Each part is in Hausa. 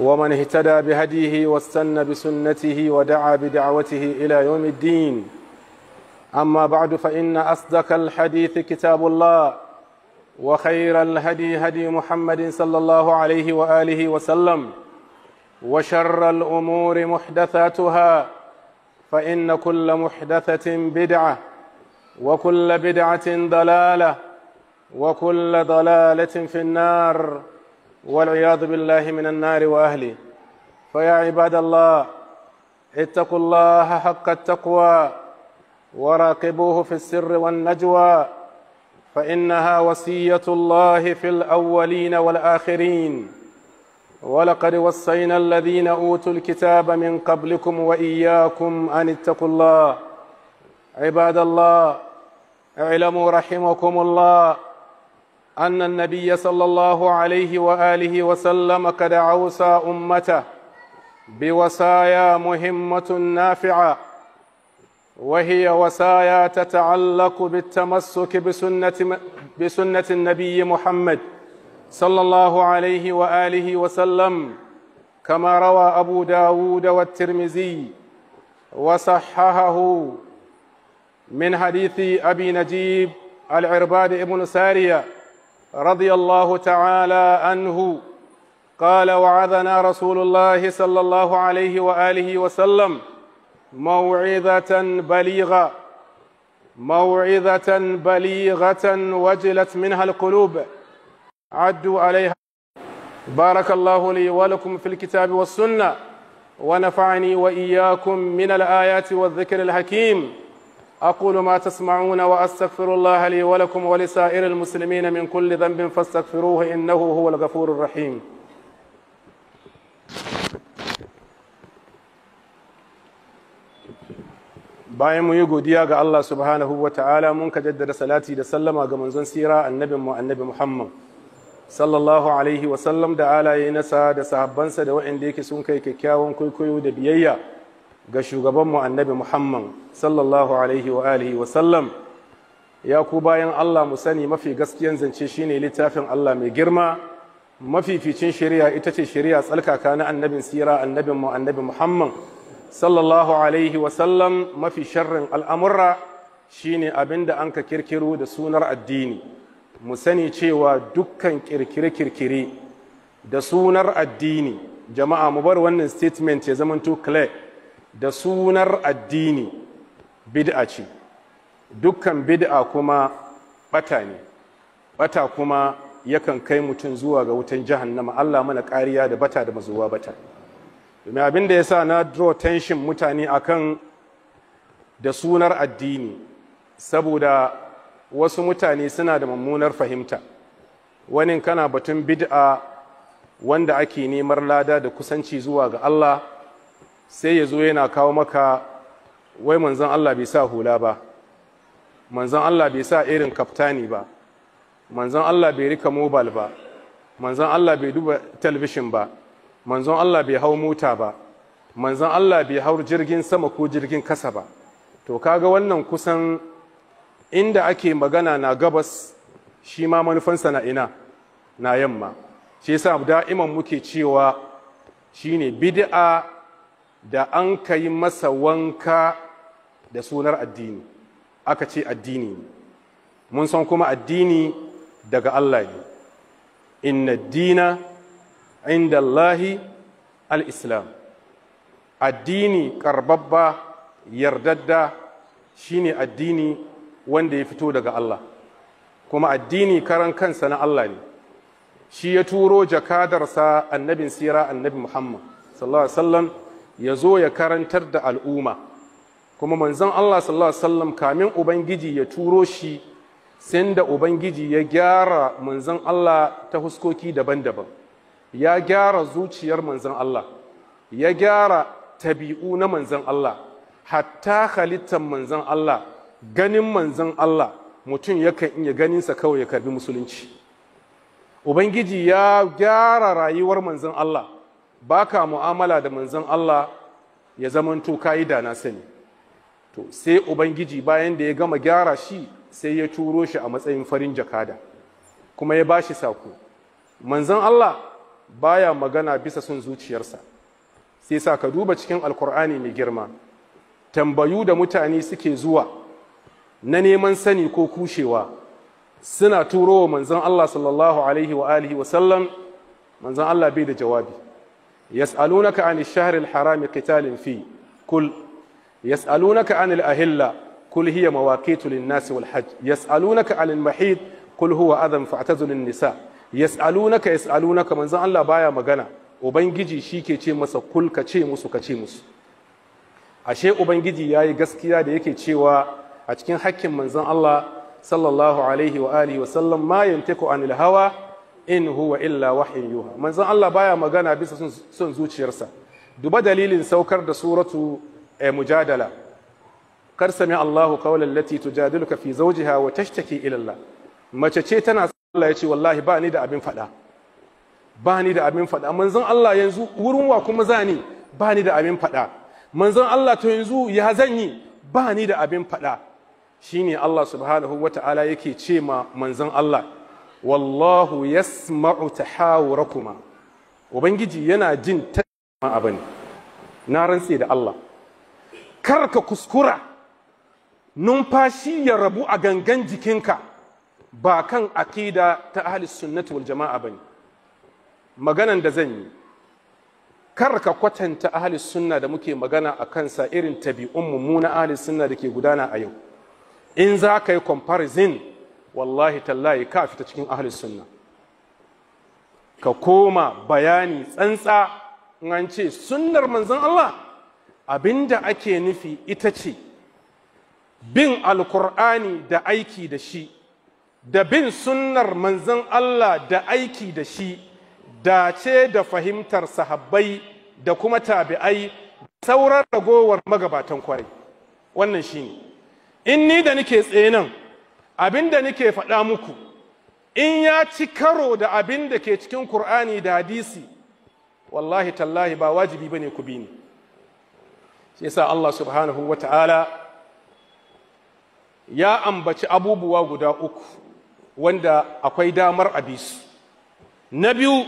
ومن اهتدى بهديه واستنى بسنته ودعا بدعوته إلى يوم الدين أما بعد فإن أصدق الحديث كتاب الله وخير الهدي هدي محمد صلى الله عليه وآله وسلم وشر الأمور محدثاتها فإن كل محدثة بدعة وكل بدعة ضلالة وكل ضلالة في النار والعياذ بالله من النار واهله فيا عباد الله اتقوا الله حق التقوى وراقبوه في السر والنجوى فانها وصيه الله في الاولين والاخرين ولقد وصينا الذين اوتوا الكتاب من قبلكم واياكم ان اتقوا الله عباد الله اعلموا رحمكم الله أن النبي صلى الله عليه وآله وسلم قد أوصى أمته بوصايا مهمة نافعة وهي وصايا تتعلق بالتمسك بسنة, بسنة النبي محمد صلى الله عليه وآله وسلم كما روى أبو داود والترمذي وصححه من حديث أبي نجيب العرباد بن سارية رضي الله تعالى عنه قال وعذنا رسول الله صلى الله عليه واله وسلم موعظه بليغه موعظه بليغه وجلت منها القلوب عدوا عليها بارك الله لي ولكم في الكتاب والسنه ونفعني واياكم من الايات والذكر الحكيم أقول ما تسمعون وأستغفر الله لي ولكم ولسائر المسلمين من كل ذنب فاستغفروه إنه هو الغفور الرحيم bayan mu yi godiya ga Allah subhanahu wa ta'ala mun ka jaddada salati da sallama ga manzon sira annabin mu annabi Muhammad sallallahu alaihi wa sallam da alaye nasa da sahabbansa da waɗanda yake sun kai kyakkyawan kwaikwayo da biyayya ga shugabanmu annabi muhammad sallallahu alaihi wa alihi wa sallam ya ku bayan allah mu sani mafi gaskiyan zance shine littafin allah mai girma mafificin shari'a ita ce shari'a tsalkaka na annabin sira annabin mu annabi muhammad sallallahu alaihi wa sallam mafi sharrin al'amurra shine abinda an ka kirkiro da sunar addini mu sani cewa dukkan kirkire-kirkire da sunar addini jama'a mu bar wannan statement ya zamanto clear da sunar addini bid'a ce dukkan bid'a kuma bata ne bata kuma yakan kai mutum zuwa ga wutan jahannama Allah mana kariya da bata da mazuwa bata domin abin da yasa na draw tension mutane akan da sunar addini saboda wasu mutane suna da mummunar fahimta wani kana batun bid'a wanda ake neman lada da kusanci zuwa ga Allah sai ya zo yana kawo maka wai manzan Allah bai sa hula ba manzan Allah bai sa irin kaftani ba manzan Allah bai rika mobile ba manzan Allah bai duba talabishin ba manzan Allah bai hau mota ba manzan Allah bai hau jirgin sama ko jirgin kasa ba to kaga wannan kusan inda ake magana na gabas shi ma manufansa na ina na yamma shi yasa da'iman muke cewa shine bid'a da an ka yi masa wanka da sunar addini aka ce addini ne mun san kuma addini daga Allah ne inna dina inda Allahi al-islam addini karbabba yardadda shine addini wanda ya fito daga Allah kuma addini karan kansa na Allah ne shi ya turo jakadarsa annabin sira annabi Muhammad sallallahu alaihi wasallam ya zo ya karantar da al'umma kuma manzon Allah sallallahu alaihi wasallam kamin ubangiji ya turo shi sai da ubangiji ya gyara manzon Allah ta huskoki daban-daban ya gyara zuciyar manzon Allah ya gyara tabi'u na manzon Allah hatta halittar manzon Allah ganin manzon Allah mutum yakan iya ganinsa kawai ya karbi musulunci ubangiji ya gyara rayuwar manzon Allah ba ka mu'amala da manzon Allah ya zamanto ka yi da na sani to sai ubangiji bayan da ya gama gyara shi sai ya turo shi a matsayin farin jakada kuma ya ba shi sako manzon Allah baya magana bisa sun zuciyarsa sai sa ka duba cikin alkur'ani mai girma tambayu da mutane suke zuwa na neman sani ko kushewa suna turo wa manzon Allah sallallahu alaihi wa alihi wa sallam manzon Allah bai da jawabi yas'alunaka anil shahril harami qitalin fi kul yas'alunaka anil ahilla kul hiya mawaqitu lin-nasi wal hajj yas'alunaka anil mahid kul huwa adhan fa'tazilun nisa yas'alunaka yas'alunaka manzon Allah baya magana ubangiji shi ke ce masa kul ka ce musu ka musu ashe ubangiji yayi gaskiya da yake cewa a cikin hakkin manzon Allah sallallahu alaihi wa alihi wa anil hawa in huwa illa wahyin yuha manzon Allah baya magana bisa son zuciyarsa duba dalilin saukar da suratu eh, mujadala kar sami Allahu qawlan lati tujadiluka fi zawjiha wa tashtaki ila Allah mace ce tana Allah yace wallahi ba ni da abin fada ba ni da abin fada manzon Allah yanzu wurin wa kuma zani ba ni da abin fada manzon Allah to yanzu ya zan yi ba ni da abin fada shine Allah subhanahu wataala yake ce ma manzon Allah wallahu yasma'u tahawurakuma ubangiji yana jin ta abu ne na rantse da Allah kar ka kuskura numfashi ya rabu a gangan jikinka ba kan aƙida ta ahli sunnati wal jama'a bane maganan da zan yi kar ka kwatanta ahli sunna da muke magana a kansa irin tabi'un na ahli sunna da ke gudana a yau in za ka yi comparison wallahi tallahi ka fita cikin ahlus sunna ka koma bayani tsantsa an ce sunnar manzon Allah abinda ake nufi ita ce bin alkur'ani da aiki da shi da bin sunnar manzon Allah da aiki da shi dace da fahimtar sahabbai da kuma tabi'ai sauran ragowar magabatan kwarai wannan shine in ni da nake tsaye nan Abin da nake faɗa muku in ya ci karo da abin da ke cikin Kur'ani da hadisi wallahi tallahi ba wajibi ba ne ku bi ni shi yasa Allah subhanahu wata'ala ya ambaci abubuwa guda uku wanda akwai damar a na biyu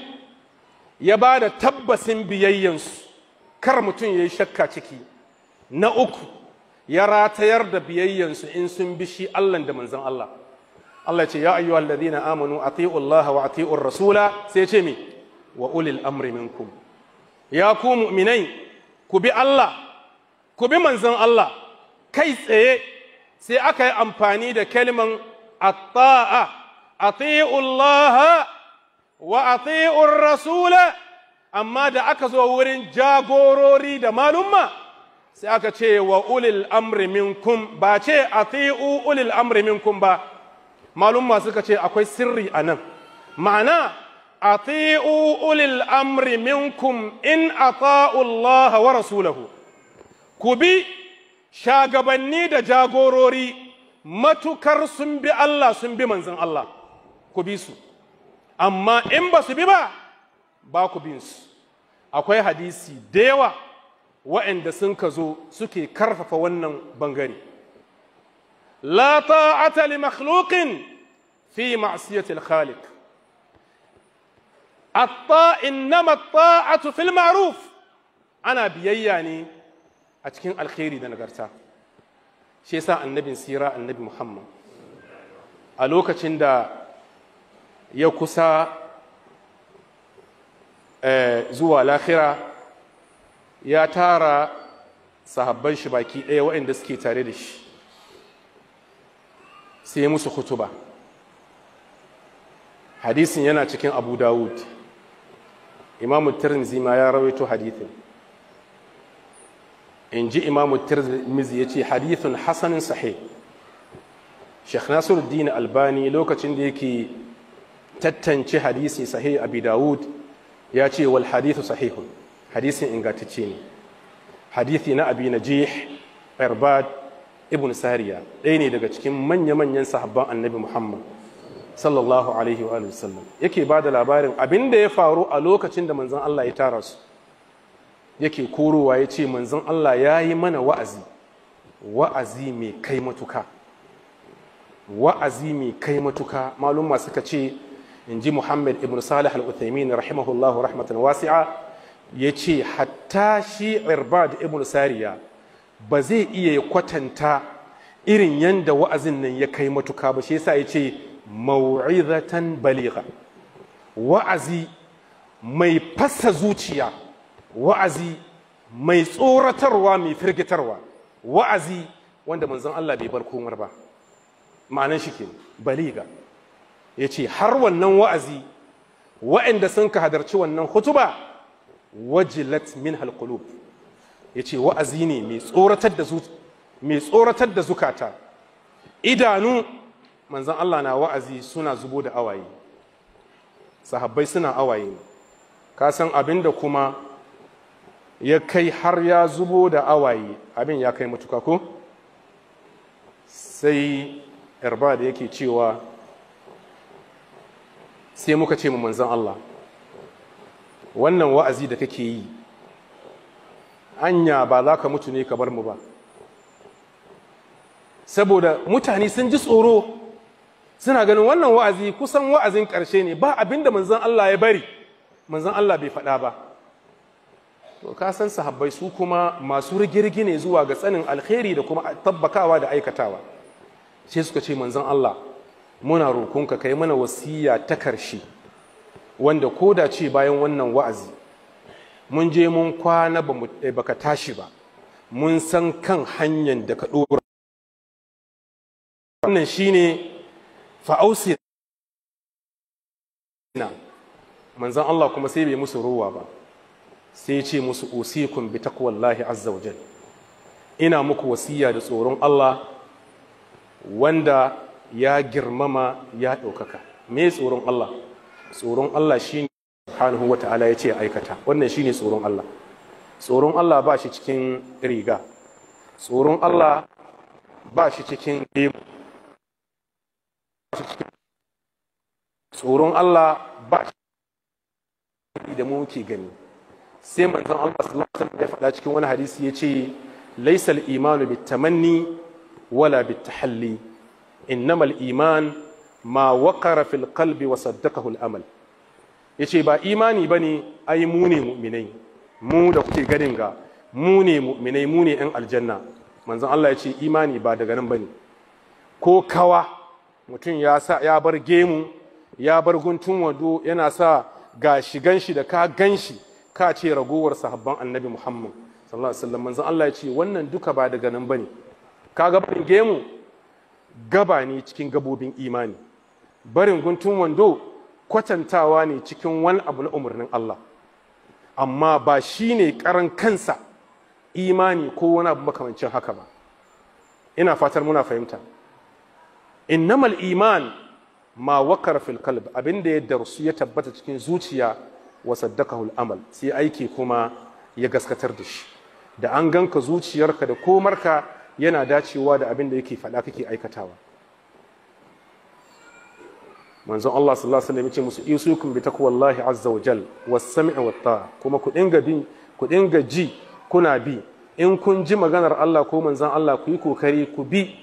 ya ba da tabbasin biyayyansu kar mutum ya yi shakka ciki na uku ya ratayar da biyayyansu in sun bi shi Allah da manzon Allah Allah ce ya ayyuhal ladina amanu ati'u Allah wa ati'u rasula sai ce mi wa ulil amri minkum ya ku mu'minai ku bi Allah ku bi manzon Allah kai tsaye sai aka yi amfani da kalman atta'a ati'u Allah wa ati'u rasula amma da aka zo wurin jagorori da malumma sai aka ce wa ulil amri minkum ba ce ati'u ulil amri minkum ba malumma suka ce akwai sirri a nan ma'ana ati'u ulil amri minkum in a Allah wa rasulahu ku bi shagabanni da jagorori matukar sun bi Allah sun bi manzon Allah ku bi su amma in ba su bi ba ba ku bin su akwai hadisi da yawa waɗanda sun ka zo suke karfafa wannan bangare la ta'ata li makhluqin fi ma'siyati al-khaliq at-ta'a innama taatu fil ma'ruf ana biyayya ne a cikin alkhairi da nagarta shi yasa annabin sira annabi Muhammad a lokacin da ya kusa eh, zuwa lahira ya tara sahabban shi baki ɗaya waɗanda suke tare da shi sai ya musu hutuba hadisin yana cikin abu dawud imamu tirmizi ma ya rawaito hadithin in ji imamu tirmizi ya ce hadithun hasanin sahih sheikh nasiruddin albani lokacin da yake tantance hadisi sahih abi dawud ya ce wal hadithu sahihun hadisin ingantacce ne hadisi na abi jih irbad ibn sariya ɗaya ne daga cikin manya-manyan sahabban annabi muhammad sallallahu alaihi wa sallam yake ba da labarin abin da ya faru a lokacin da manzon allah ya tara su yake korowa ya ce manzon allah ya yi mana wa'azi wa'azi mai kai matuka wa'azi mai kai matuka malumma suka ce in ji muhammad ibn salih al-uthaymin rahimahullahu rahmatan wasi'a ya ce hatta shi irbad ibn sariya ba zai iya ya kwatanta irin yadda wa'azin nan ya kai matuka ba shi yasa ya ce mau'izatan baliga wa'azi mai fasa zuciya wa'azi mai tsoratarwa mai firgitarwa wa'azi wanda manzon Allah bai bar komar ba ma'anan shi ke baliga ce har wannan wa'azi wa'anda sun ka hadarci wannan hutuba wajilat min halqulub yace wa'azi ne mai tsoratar da zukata idanu manzan Allah na wa'azi suna zubo da awaye sahabbai suna awaye ka san abin da kuma ya kai har ya zubo da awaye abin ya kai matuka ko sai yarba da yake cewa sai muka ce mu manzon Allah wannan wa'azi da kake yi anya ba za ka mutu ne ka bar mu ba saboda mutane sun ji tsoro suna ganin wannan wa'azi kusan wa'azin ƙarshe ne ba abin da manzan Allah ya bari manzan Allah bai faɗa ba to ka sahabbai su kuma masu rigirgi ne zuwa ga tsanin alkhairi da kuma tabbakawa da aikatawa sai suka ce manzan Allah muna roƙonka kai mana wasiya ta ƙarshe wanda ko da ce bayan wannan wa'azi mun je mun kwana ba eh, ka tashi ba mun san kan hanyar da ka ɗora wannan shine fa'ausi na manzan Allah kuma sai bai musu ruwa ba sai ce musu usikum bi taqwallahi azza wajal ina muku wasiya da tsoron Allah wanda ya girmama ya ɗaukaka me tsoron Allah tsoron Allah shi shine subhanahu ta'ala ya ce aikata wannan shi ne tsoron Allah tsoron Allah ba shi cikin riga tsoron Allah ba shi cikin gemu tsoron Allah ba shi da mu ke gani sai manzon Allah sallallahu alaihi wasallam ya faɗa cikin wani hadisi ya ce laisal imanu bitamanni wala bitahalli innamal iman ma waqara fil qalbi wa saddaqahu al-amal yace ba imani bane ai mu ne mu'minai mu da kuke ganin ga mu ne mu'minai mu ne yan aljanna manzon Allah yace imani ba daga nan bane ko kawa mutum ya sa ya bar gemu ya bar guntun wado yana sa ga shigan shi da ka ganshi ka ce ragowar sahabban annabi Muhammad sallallahu alaihi wasallam manzon Allah yace wannan duka ba daga nan bane kaga gemu gaba ne cikin gabobin imani barin guntun wando kwatantawa ne cikin wani abu na umarnin Allah amma ba shi ne karan kansa imani ko wani abu makamancin haka ba ina fatar muna fahimta innamal iman ma wakar fil kalb abinda ya darsu ya tabbata cikin zuciya wa saddakahu amal sai aiki kuma ya gaskatar da shi da an ganka zuciyarka da komarka yana dacewa da abinda yake faɗa kake aikatawa manzon Allah sallallahu alaihi wasallam ya ce musu yusukum bi ta azza wa jal was-sam'i wat dinga bin kuna bi in kun ji maganar Allah ko manzon Allah kuyi yi kokari ku bi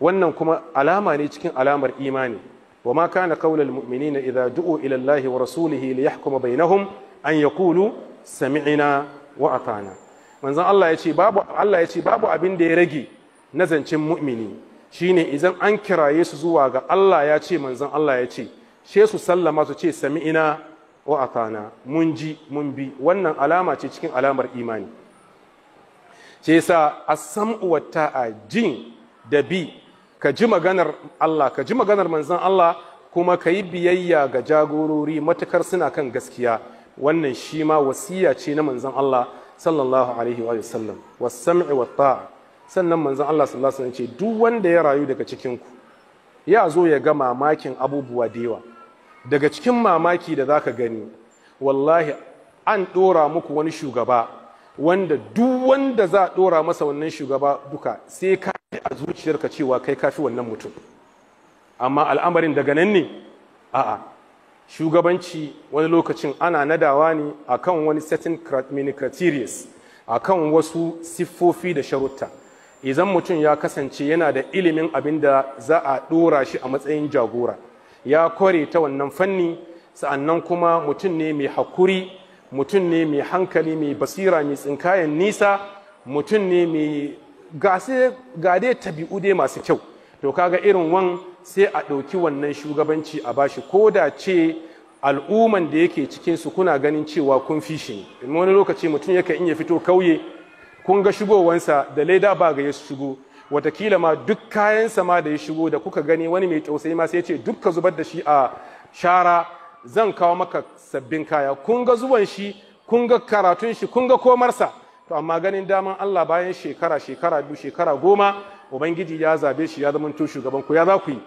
wannan kuma alama ne cikin alamar imani wa ma na qaulal mu'minina na du'u ila wa rasulihi li yahkuma bainahum an yaqulu sami'ina wa ata'na manzon Allah ya ce babu ya ce babu abin da ya rage na zancen mu'mini shine idan an kiraye su zuwa ga Allah ya ce manzon Allah ya ce she su sallama su ce sami'ina wa atana mun ji mun bi wannan alama ce cikin alamar imani ce yasa as-sam'u wa jin da bi ka ji maganar Allah ka ji maganar manzon Allah kuma ka yi biyayya ga jagorori matukar suna kan gaskiya wannan shi ma wasiya ce na manzon Allah sallallahu alaihi wa sallam was-sam'i wata. sannan manzon Allah sallallahu alaihi wasallam ce duk wanda ya rayu daga cikin ku ya zo ya ga mamakin abubuwa da yawa daga cikin mamaki da zaka gani wallahi an dora muku wani shugaba wanda duk wanda za a dora masa wannan shugaba duka sai ka a zuciyarka cewa kai kafi wannan mutum amma al'amarin daga nan ne a'a shugabanci wani lokacin ana nadawa ne akan wani certain criteria akan wasu siffofi da sharutta idan mutum ya kasance yana da ilimin abin da za a ɗora shi a matsayin jagora ya kware ta wannan fanni sa'annan kuma mutum ne mai hakuri mutum ne mai hankali mai basira mai tsinkayen nisa mutum ne mai gase, gade tabi'u dai masu kyau to kaga irin wan sai a ɗauki wannan shugabanci a bashi ko da ce al'umman da yake cikin su kuna ganin cewa kun fi shi ne wani lokaci mutum yakan ya fito kauye kun ga shigowansa da leda ba ga ya shigo watakila ma duk kayansa ma da ya shigo da kuka gani wani mai tausayi ma sai ce dukka zubar da shi a shara zan kawo maka sabbin kaya kun ga zuwan shi kun ga karatun shi kun ga komarsa to amma ganin daman Allah bayan shekara shekara biyu shekara goma ubangiji ya zabe shi ya zamanto shugaban ku ya za ku yi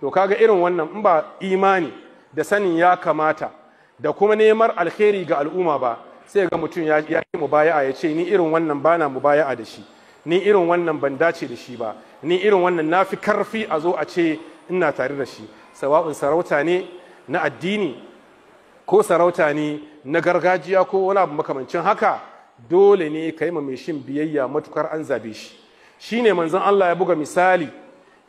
to kaga irin wannan in ba imani da sanin ya kamata da kuma neman alheri ga al'umma ba sai ga mutum ya yi mubaya'a ya ce ni irin wannan bana mubaya'a da shi ni irin wannan ban dace da shi ba ni irin wannan na fi karfi a zo a ce ina tare da shi sawa'un sarauta ne na addini ko sarauta ne na gargajiya ko wani abu makamancin haka dole ne ka yi mai shin biyayya matukar an zabe shi Shi ne manzon Allah ya buga misali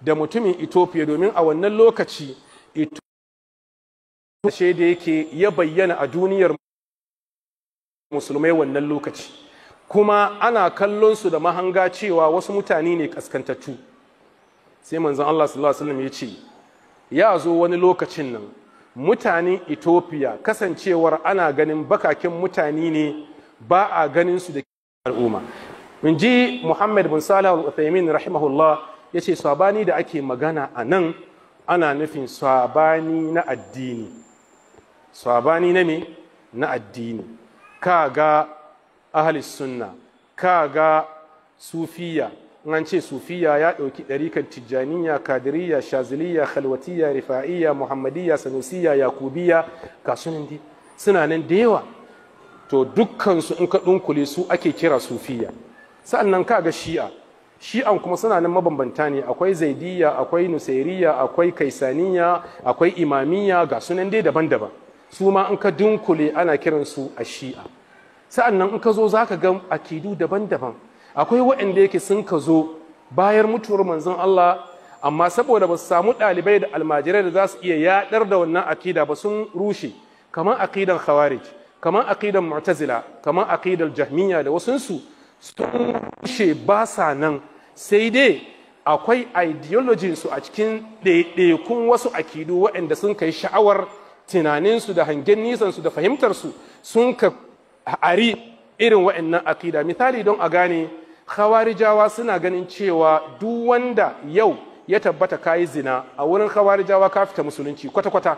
da mutumin Ethiopia domin a wannan lokaci Ethiopia da yake ya bayyana a duniyar mu. musulmai wannan lokaci kuma ana kallon su da mahanga cewa wasu mutane ne kaskantattu sai manzon Allah sallallahu alaihi wasallam ya ce ya zo wani lokacin nan mutanen Ethiopia kasancewar ana ganin bakakin mutane ne ba a ganin su da al'umma mun ji Muhammad bin Salih al-Uthaymeen rahimahullah yace sabani da ake magana a nan ana nufin sabani na addini na me na addini ka ga ahalis sunna ka ga sufiya an ce sufiya ya ɗauki ɗarikan tijjaniya kadiriya shaziliya khalwatiya rifa'iya muhammadiya sanusiya yakubiya ga sunan di suna nan da yawa to dukkansu in ka ɗunkule su ake kira sufiya sa'annan ka ga shi'a shi'an kuma suna nan mabambanta ne akwai Zaidiya, akwai nusairiya akwai kaisaniya akwai imamiya ga sunan dai daban-daban su ma in ka dunkule ana kiran su a shi'a sa'an nan in ka zo za ka ga akidu daban-daban akwai waɗanda yake sun ka zo bayar mutuwar manzon Allah amma saboda ba su samu ɗalibai da almajirai da za su iya yaɗar da wannan akida ba sun rushe kamar akidan khawarij kamar akidan mu'tazila kamar akidan jahmiya da wasunsu sun rushe ba sa nan sai dai akwai ideologinsu su a cikin ɗaiɗaikun wasu akidu waɗanda sun kai sha'awar tunaninsu da hangen nisansu da fahimtarsu sun ka ari irin wa'annan aƙida misali don a gane khawarijawa suna ganin cewa duk wanda yau ya tabbata kayi zina a wurin khawarijawa ka fita musulunci kwata-kwata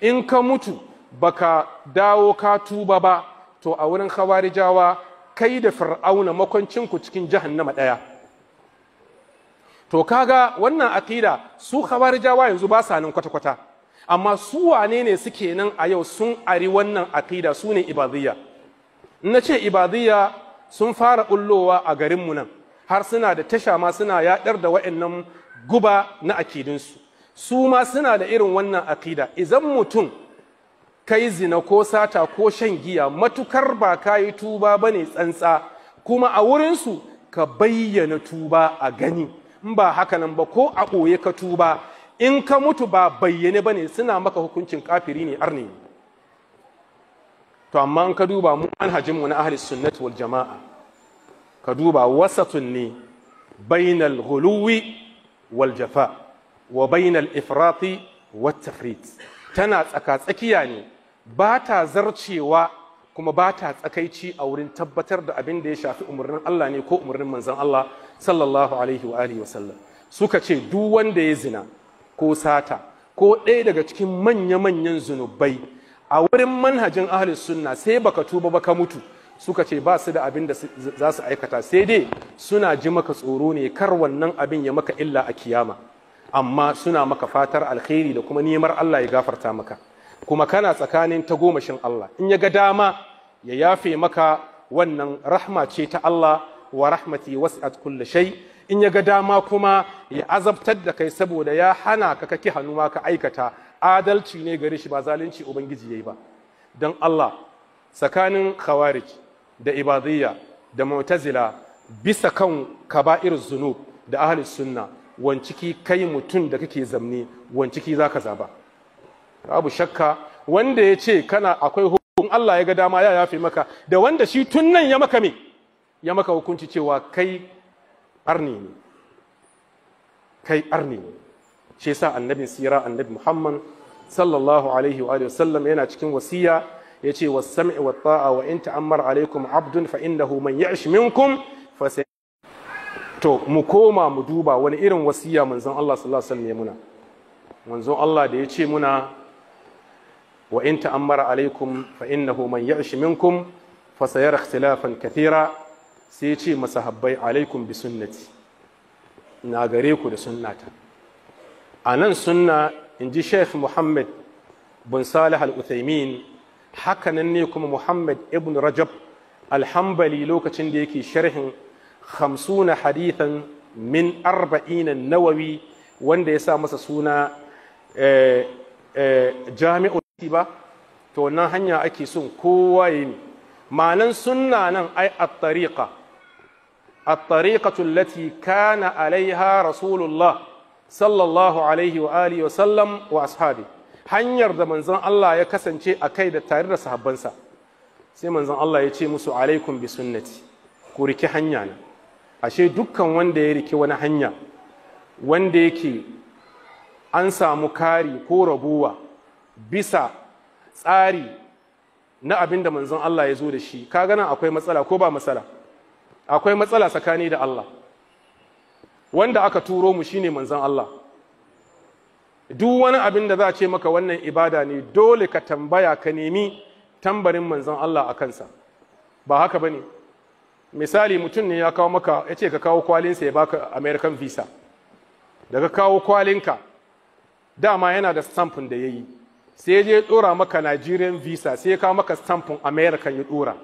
in ka mutu baka dawo ka tuba ba to a wurin khawarijawa kai da fir'auna makoncinku cikin jahannama ɗaya to kaga wannan aƙida su khawarijawa yanzu ba sa nan kwata-kwata amma su wane ne suke nan a yau sun ari wannan aqida su ne ibadiyya na ce ibadiyya sun fara bullowa a garinmu nan har suna da tasha ma suna yaɗar da wa'annan guba na akidunsu su ma suna da irin wannan akida idan mutum kai zina ko sata ko shan giya matukar ba ka tuba ba ne tsantsa kuma a wurinsu ka bayyana tuba a gani in ba haka nan ba ko a ɓoye ka tuba in ka mutu ba bayyane ba ne suna maka hukuncin kafiri ne arni to amma ka duba mu manhajinmu na ahli sunnati wal jama'a ka duba wasatun ne bainal ghuluwi wal jafa wa bainal ifrati watafrit tafrit tana tsaka tsakiya ne ba ta zarcewa kuma ba ta tsakaici a wurin tabbatar da abin da ya shafi umarnin Allah ne ko umarnin manzan Allah sallallahu alaihi wa alihi wa sallam suka ce duk wanda ya zina ko sata ko ɗaya daga cikin manya-manyan zunubai a wurin manhajin ahalin sunna sai baka tuba baka mutu suka ce ba su da abin da za su aikata sai dai suna ji maka tsoro ne kar wannan abin ya maka illa a kiyama amma suna maka fatar alkhairi da kuma nemar Allah ya gafarta maka kuma kana tsakanin ta gomashin Allah in ya ga dama ya yafe maka wannan rahma ce ta Allah wa rahmati was'at kulli shay in ya ga dama kuma ya azabtar da kai saboda ya hana ka kaki hannuwa ka aikata adalci ne gare shi ba zalunci ubangiji yayi ba don Allah tsakanin khawarij da ibadiyya da mu'tazila bisa kan kaba'ir zunub da ahli sunna wanciki kai mutum da kake zamne wanciki zaka zaba abu shakka wanda ya ce kana akwai hukun Allah ya ga dama ya yafe maka da wanda shi tun nan ya maka me ya maka hukunci cewa kai arni ne kai arni ne shi yasa annabin sira annabi muhammad sallallahu alaihi wa sallam yana cikin wasiya ya ce wa sam'i wa ta'a wa in ta'ammar alaikum abdun fa innahu man ya'ish minkum fa to mu koma mu duba wani irin wasiya manzon Allah sallallahu alaihi wasallam ya muna manzon Allah da ya ce muna wa in ta'ammara alaikum fa innahu man ya'ish minkum fa sayara ikhtilafan kathira sai ce masahabbai alaikum bi sunnati na gare ku da sunnata a nan sunna in ji sheikh muhammad bin salih al-uthaymin hakanan ne kuma muhammad ibn rajab alhambali lokacin da yake sharhin hamsuna hadithan min arba'ina nawawi wanda ya sa masa suna eh, eh, jami'un ba to wannan hanya ake son kowa yi ma'anan sunna nan ai at-tariqa الطريقة التي كان عليها رسول الله صلى الله عليه وآله وسلم وأصحابه hanyar da manzon Allah ya kasance a kai da tare da sahabbansa sai manzon Allah ya ce musu alaikum bi sunnati ku riki hanya na. ashe dukkan wanda ya riki wani hanya wanda yake an samu kari ko rabuwa bisa tsari na abin da manzon Allah ya zo da shi ka gana akwai matsala ko ba matsala akwai matsala tsakani da Allah wanda aka turo mu shine manzon Allah duk wani abin da za a ce maka wannan ibada ne dole ka tambaya ka nemi tambarin manzon Allah a kansa ba haka bane misali mutum ne ya kawo maka ya ce ka kawo kwalinsa ya baka American visa daga kawo kwalinka dama yana da stampin da yayi sai ya je ya dora maka Nigerian visa sai ya kawo maka stampin American ya tsora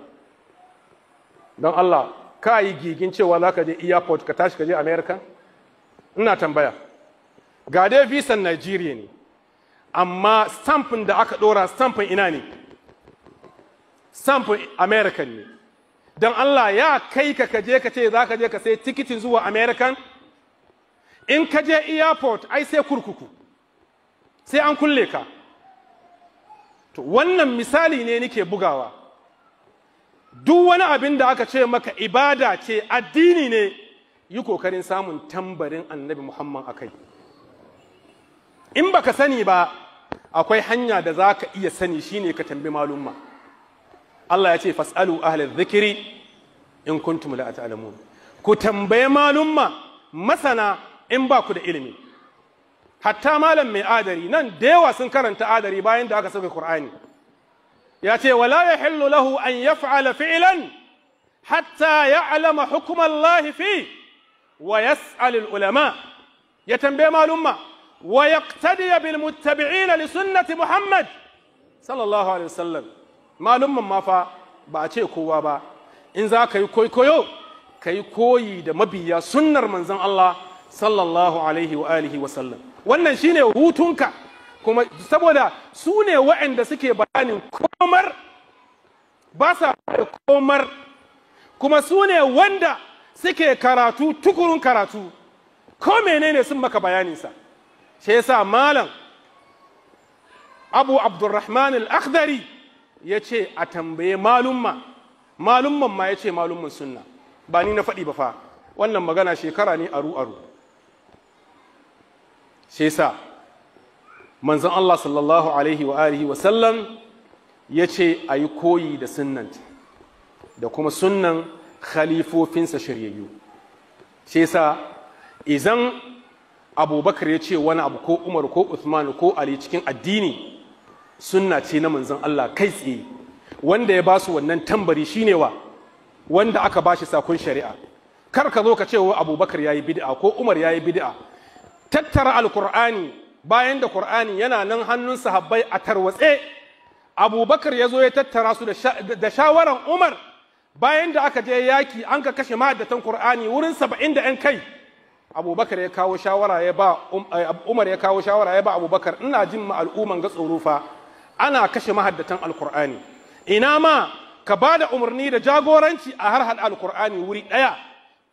don Allah ka yi gigin cewa za ka je airport ka tashi ka je america ina tambaya ga dai visan nigeria ne amma stampin da aka ɗora stampin ina ne Stampin american ne don allah ya kai ka ka je ka ce za ka je ka sai tikitin zuwa american in ka je airport ai sai kurkuku sai an kulle ka to wannan misali ne nike bugawa duk wani abin da aka ce maka ibada ce addini ne yi kokarin samun tambarin annabi muhammad a kai. in baka sani ba akwai hanya da za ka iya sani shine ka tambi malumma Allah ya ce fas'alu ahlal zikiri in kuntum la ta'lamun ku tambaye malumma masana in ba ku da ilimi hatta malam mai adari nan da yawa sun karanta adari bayan da aka saka Qur'ani ya ce wala ya hillu lahu an yaf'ala fi'lan hatta ya'lama hukum Allah fi wa yas'al al ulama ya tambaye malumma wa yaqtadi bil muttabi'in li sunnati Muhammad sallallahu alaihi wasallam malumman ma fa ba a ce kowa ba in za ka yi koyo ka yi koyi da mabiya sunnar manzon Allah sallallahu alaihi wa alihi wa sallam wannan shine hutunka kuma saboda su ne waɗanda suke bayanin komar ba sa komar kuma su ne wanda suke karatu tukurun karatu ko menene sun maka bayaninsa shi yasa malam abu abdurrahman al-akhdari ya ce a tambaye malumma malumman ma ya ce malumman sunna ba ni na faɗi ba fa wannan magana shekara ne aru-aru shi yasa manzon Allah sallallahu alaihi wa alihi wa sallam a yi koyi da sunnan da kuma sunnan khalifofinsa shiryayyu shi yasa idan abubakar ya ce wani abu ko umar ko uthman ko ali cikin addini sunna ce na manzon Allah kai tsaye wanda ya ba su wannan tambari shine wa wanda aka ba shi sakon shari'a kar ka zo ka ce wa abubakar ya yi bid'a ko umar ya yi bid'a tattara alkur'ani bayan da Qur'ani yana nan hannun sahabbai a tarwatse Abubakar ya zo ya tattara su da shawaran Umar bayan da aka je yaki an ka kashe mahaddatan Qur'ani wurin saba'in da 'yan kai Abubakar ya kawo shawara ya ba um, eh, Umar ya kawo shawara ya ba Abubakar ina jin ma al'umman ga tsorofa. ana kashe mahaddatan Alkur'ani ina ma ka ba da umarni da jagoranci a har hada Alkur'ani wuri ɗaya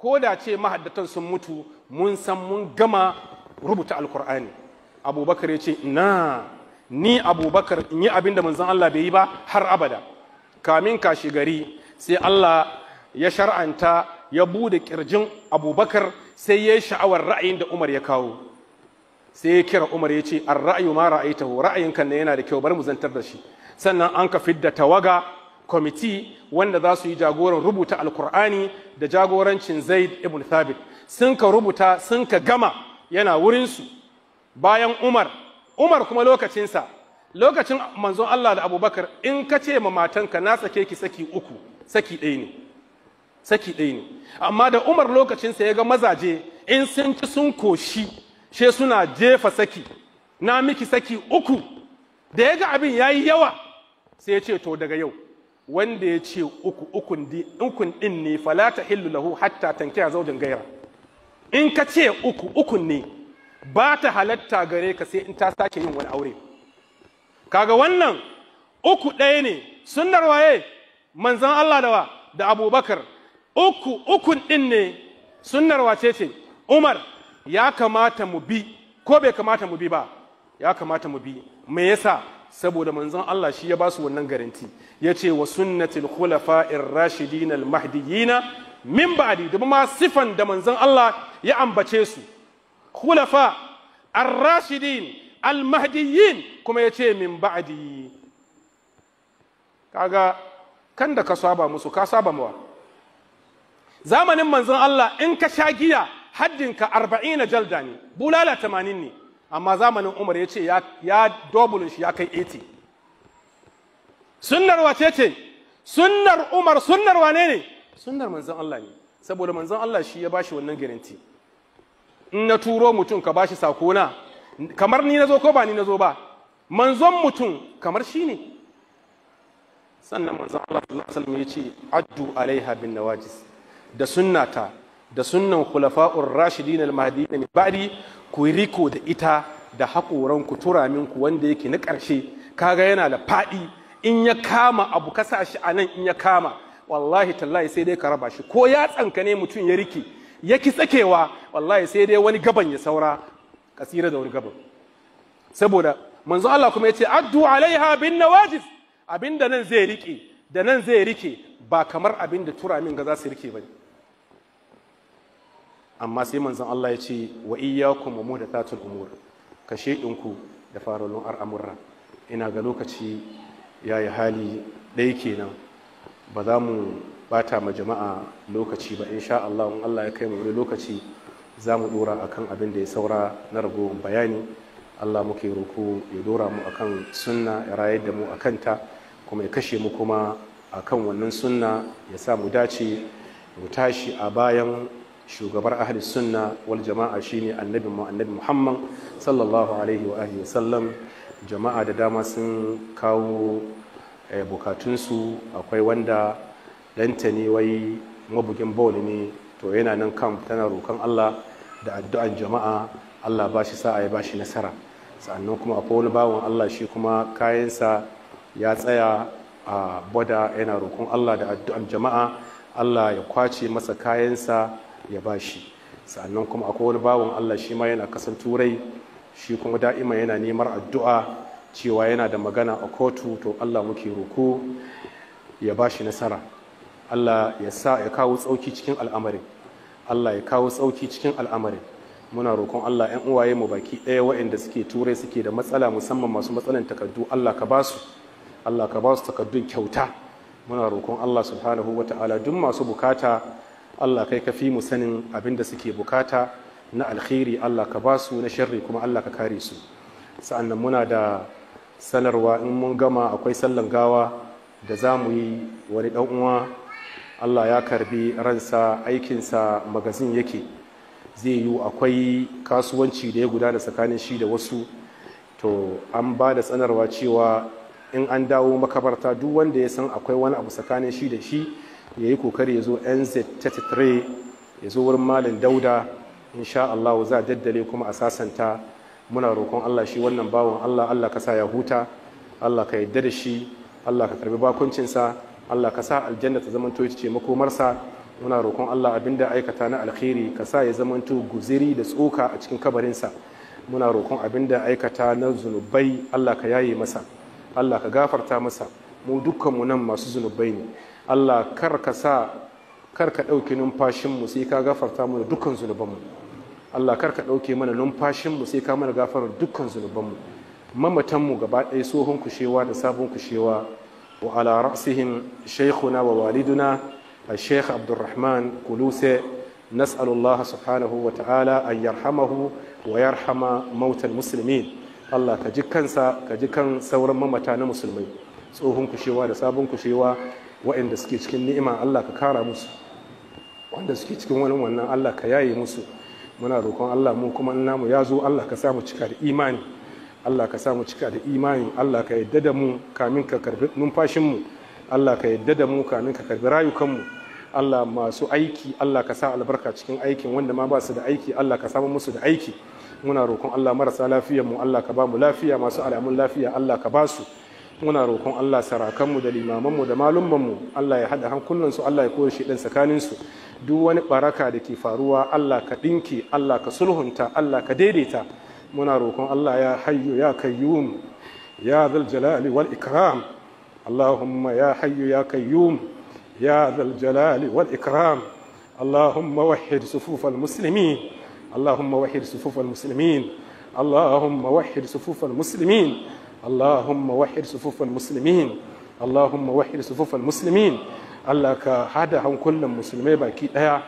ko da ce mahaddatan sun mutu mun san mun gama rubuta Alkur'ani abubakar ya ce na ni abubakar in yi abin da manzan Allah bai yi ba har abada kamin kashi gari sai Allah ya shar'anta ya bude kirjin abubakar sai ya sha'awar ra'ayin da umar ya kawo sai ya kira umar ya ce an ra'ayu ma taho ra'ayin kan yana da kyau bar mu zantar da shi sannan an ka fidda tawaga kwamiti wanda za su yi jagoran rubuta alkur'ani da jagorancin zaid ibn thabit sun ka rubuta sun ka gama yana wurinsu bayan Umar Umar kuma lokacinsa lokacin manzon Allah da Abubakar in ka ce ma matanka na sake ki saki uku saki ɗaya ne saki ɗaya ne amma da Umar lokacinsa ya ga mazaje in sun ci sun koshi she suna jefa saki na miki saki uku da ya ga abin ya yi yawa sai ya ce to daga yau wanda ya ce uku ukun din ne fala ta hillu lahu hatta tankiya zaujin gaira in ka ce uku ukun ne ba ta halatta gare ka sai in ta sake yin wani aure kaga wannan uku ɗaya ne sunnar waye manzan Allah da wa da abubakar uku ukun ɗin ne sunnar wace ce umar ya kamata mu bi ko bai kamata mu bi ba ya kamata mu bi me yasa saboda manzon Allah shi ya ba su wannan garanti ya ce wa sunnatil khulafa'ir rashidin al mahdiyina min ba'di da ma sifan da manzon Allah ya ambace su khulafa ar-rashidin al-mahdiyyin kuma yace min ba'di kaga kan da ka saba musu ka saba mawa zamanin manzon Allah in ka sha giya haddinka 40 jalda ne bulala 80 ne amma zamanin Umar yace ya ya double shi ya kai 80 sunnar wace ce Umar sunnar wane ne sunnar manzon Allah ne saboda manzon Allah shi ya bashi wannan garanti in na turo mutum ka bashi sako na kamar ni nazo ko ba ni nazo ba manzon mutum kamar shi ne sannan manzon Allah sallallahu alaihi wasallam ya ce addu alaiha bin nawajis da sunnata da sunnan khulafa'ur rashidin al-mahdiyyin min ba'di ku riko da ita da haƙoran ku tura minku wanda yake na ƙarshe kaga yana da faɗi in ya kama abu ka sa shi a in ya kama wallahi tallahi sai dai ka raba shi ko ya tsanka ne mutum ya rike ya ki tsakewa wallahi sai dai wani gaban ya saura kasira da wani gaban saboda manzo Allah kuma ya ce addu alaiha bin nawajis abinda nan zai rike da nan zai rike ba kamar abin da turamin ga za su rike ba. amma sai manzon Allah ya ce wa iyyakum wa muhdathatul umur kashe ɗinku da farolin al'amurra ina ga lokaci ya yi hali ɗaya kenan ba za mu bata ma jama'a lokaci ba insha Allah in Allah ya kai mu wani lokaci za mu dora akan abin da ya saura na ragowar bayani Allah muke roko ya dora mu akan sunna ya rayar da mu akan ta kuma ya kashe mu kuma akan wannan sunna ya sa mu dace mu tashi a bayan shugabar ahli sunna wal jama'a shine annabi mu annabi Muhammad sallallahu alaihi wa alihi wa sallam jama'a da dama sun kawo eh, bukatunsu akwai wanda danta ne wai mabugin bawli ne to yana nan kan tana roƙon Allah da addu'an jama'a Allah ba shi sa'a ya ba shi nasara sannan kuma akwai wani bawan Allah shi kuma kayansa ya tsaya a bada yana roƙon Allah da addu'an jama'a Allah ya kwace masa kayansa ya ba shi sannan kuma akwai wani bawan Allah shi ma yana kasan turai shi kuma da'ima yana neman addu'a cewa yana da magana a kotu to Allah muke roko ya ba shi nasara Allah ya sa ya kawo tsauki cikin al'amarin Allah ya kawo tsauki cikin al'amarin muna roƙon Allah 'yan uwaye mu baki ɗaya waɗanda suke turai suke da matsala musamman masu matsalan takardu Allah ka basu Allah ka basu takardun kyauta muna roƙon Allah subhanahu wata'ala duk masu bukata Allah kai ka fi mu sanin abin da suke bukata na alkhairi Allah ka basu na sharri kuma Allah ka kare su sa'annan muna da sanarwa in mun gama akwai sallan gawa da za mu yi wani ɗan uwa allah ya karbi ransa aikinsa magazin yake zai yiwu akwai kasuwanci da ya gudana tsakanin shi da wasu to an ba da tsanarwa cewa in an dawo makabarta duk wanda ya san akwai wani abu tsakanin shi da shi ya yi kokari ya zo nz33 ya zo wurin malin dauda sha Allah za a daddale kuma a sasanta muna roƙon Allah shi wannan bawan Allah Allah ka sa ya huta Allah ka yarda da shi Allah ka karbi bakuncinsa Allah ka sa aljanna ta zamanto ita ce makomarsa muna roƙon Allah abinda aikata na alkhairi ka sa ya zamanto guziri da tsoka a cikin kabarinsa muna roƙon abinda aikata na zunubai Allah ka yaye masa Allah ka gafarta masa mu dukkan mu nan masu zunubai ne Allah kar ka sa kar ka ɗauke numfashin mu sai ka gafarta mu da dukkan zunubanmu Allah kar ka ɗauke mana numfashin mu sai ka mana gafarar dukkan zunubanmu mamatan mu gaba ɗaya tsohon kushewa da sabon kushewa وعلى رأسهم شيخنا ووالدنا الشيخ عبد الرحمن كلوسي نسأل الله سبحانه وتعالى أن يرحمه ويرحم موت المسلمين الله كجكن سا كجكن سورا ممتان مسلمين tsohon kushewa da sabon kushewa waɗanda suke cikin ni'ima Allah ka kara musu wanda suke cikin wani wannan Allah ka yaye musu muna rokon Allah mu kuma namu ya zo Allah ka samu cika da imani Allah ka samu cika da imani Allah ka yadda da mu kamin ka karbi numfashinmu Allah ka yadda da mu kamin ka karbi rayukanmu Allah masu aiki Allah ka sa albarka cikin aikin wanda ma ba su da aiki Allah ka samu musu da aiki muna roƙon Allah marasa lafiyar mu Allah ka ba mu lafiya masu alamun lafiya Allah ka ba su muna roƙon Allah sarakanmu da limamanmu da malummanmu Allah ya haɗa hankulansu Allah ya koyar shi ɗan tsakaninsu duk wani baraka da ke faruwa Allah ka ɗinke Allah ka sulhunta Allah ka daidaita muna roƙon Allah ya hayyu ya kayyum ya zal jalali wal ikram Allahumma ya hayyu ya kayyum ya zal jalali wal ikram Allahumma wahhid sufufal muslimin Allahumma wahhid sufufal muslimin Allahumma wahhid sufufal muslimin Allahumma wahhid sufufal muslimin Allahumma wahhid sufufal muslimin Allah ka hada hankulan musulmai baki daya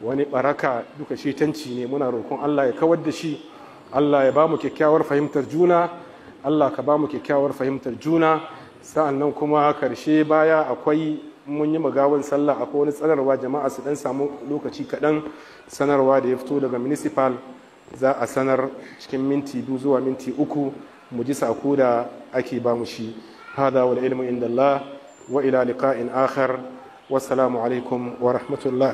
wani baraka duka shi tanci ne muna roƙon Allah ya kawar da shi Allah ya bamu kyakkyawar fahimtar juna Allah ka bamu kyakkyawar fahimtar juna Sa'an nan kuma karshe baya akwai mun yi magawan sallah akwai wani sanarwa jama'a su dan samu lokaci kaɗan sanarwa da ya fito daga municipal za a sanar cikin minti biyu zuwa minti uku mu ji sako da ake ba mu shi hada wal ilmu inda Allah wa ila liqa'in akhar wassalamu alaikum wa rahmatullah